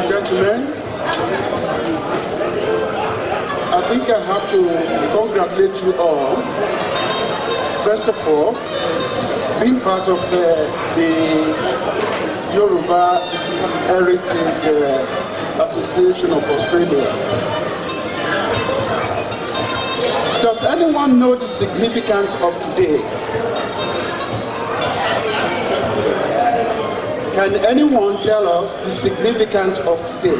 and gentlemen, I think I have to congratulate you all. First of all, being part of uh, the Yoruba Heritage uh, Association of Australia. Does anyone know the significance of today? Can anyone tell us the significance of today?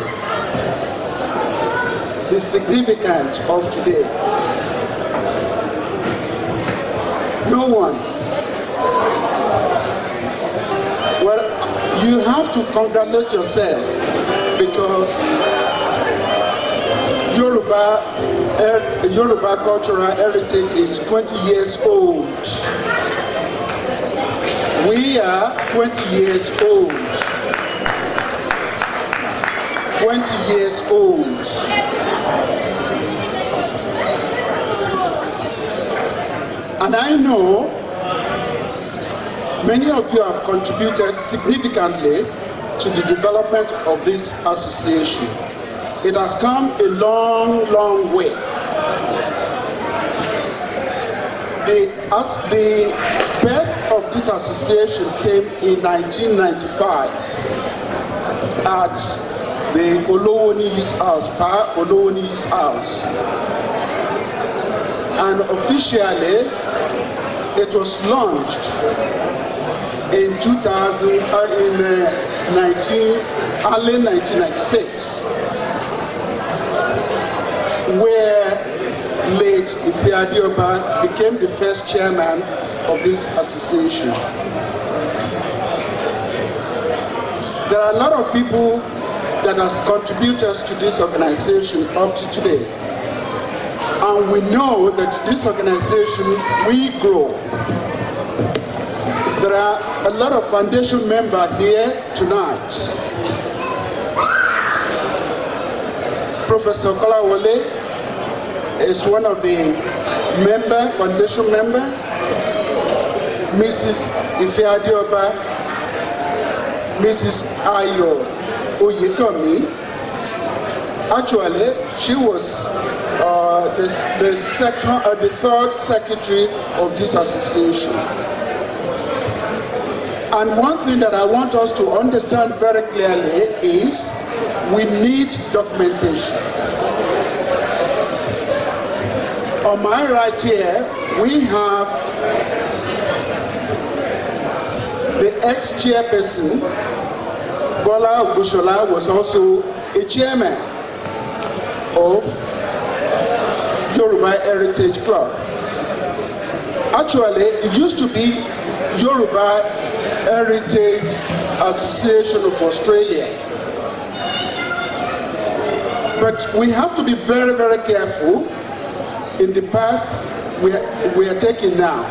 The significance of today. No one. Well, you have to congratulate yourself because Yoruba, Yoruba cultural heritage is 20 years old. We are 20 years old. 20 years old. And I know many of you have contributed significantly to the development of this association. It has come a long, long way. The, as the birth of this association came in 1995 at the Oloni's house, Pa house. And officially, it was launched in 2000, uh, in uh, 19, early 1996, where late Ifeadioba became the first chairman of this association. There are a lot of people that has contributors to this organization up to today. And we know that this organization we grow. There are a lot of foundation members here tonight. Professor Kolawole is one of the member, foundation member. mrs ife mrs ayọ oyekanmi actually she was uh, the, the second uh, the third secretary of this association and one thing that i want us to understand very clearly is we need documentation on my right here we have The ex-chairperson, Gola Ogushola, was also a chairman of Yoruba Heritage Club. Actually, it used to be Yoruba Heritage Association of Australia. But we have to be very, very careful in the path we are, we are taking now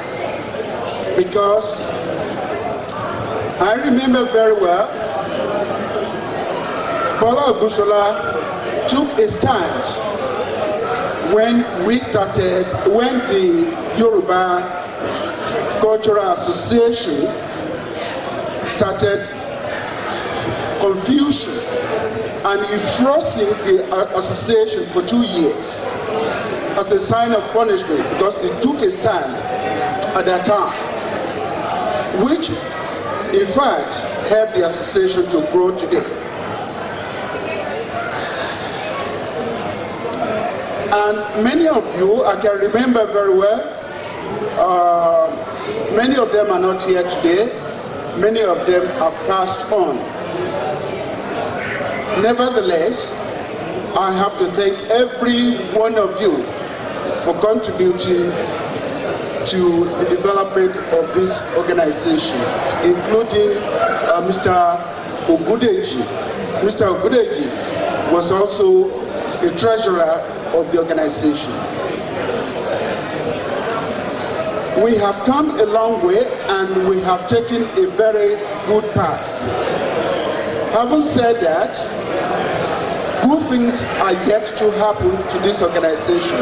because I remember very well, Bola Ogunsola took a stand when we started, when the Yoruba Cultural Association started confusion and enforcing the association for two years as a sign of punishment because it took a stand at that time, which in fact, help the association to grow today. And many of you, I can remember very well, uh, many of them are not here today. Many of them have passed on. Nevertheless, I have to thank every one of you for contributing to the development of this organization, including uh, Mr. Ogudeji. Mr. Ogudeji was also a treasurer of the organization. We have come a long way and we have taken a very good path. Having said that, good things are yet to happen to this organization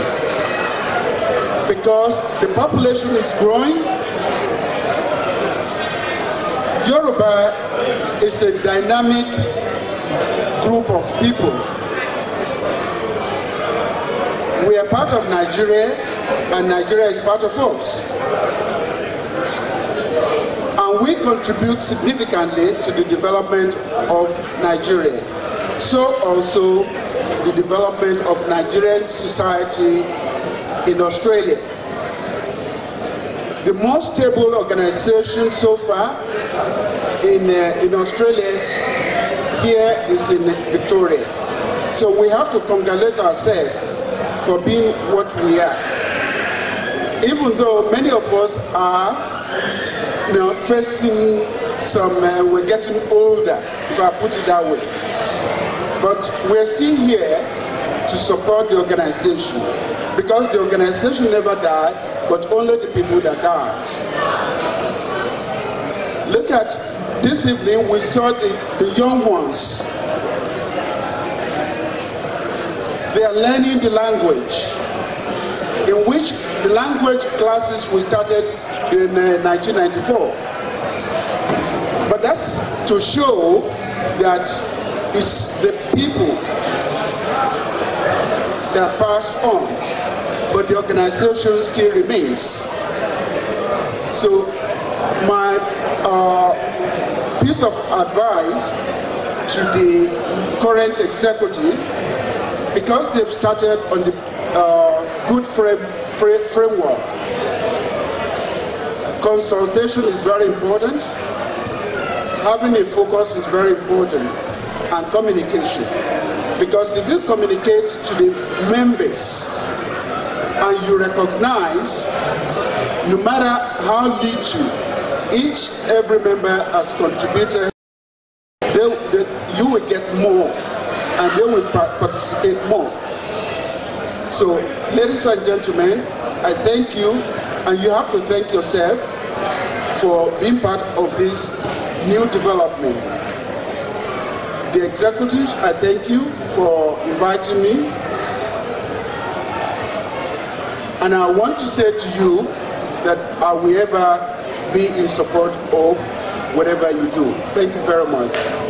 because the population is growing. Yoruba is a dynamic group of people. We are part of Nigeria and Nigeria is part of us. And we contribute significantly to the development of Nigeria. So also the development of Nigerian society in Australia. The most stable organization so far in, uh, in Australia here is in Victoria. So we have to congratulate ourselves for being what we are. Even though many of us are you know, facing some, uh, we're getting older, if I put it that way. But we're still here to support the organization because the organization never died, but only the people that died. Look at this evening, we saw the, the young ones. They are learning the language, in which the language classes we started in uh, 1994. But that's to show that it's the people that passed on, but the organization still remains. So my uh, piece of advice to the current executive, because they've started on the uh, good frame, framework, consultation is very important, having a focus is very important, and communication. Because if you communicate to the members and you recognize, no matter how little each every member has contributed, they, they, you will get more and they will participate more. So, ladies and gentlemen, I thank you and you have to thank yourself for being part of this new development. the executives, I thank you for inviting me. And I want to say to you that I will ever be in support of whatever you do. Thank you very much.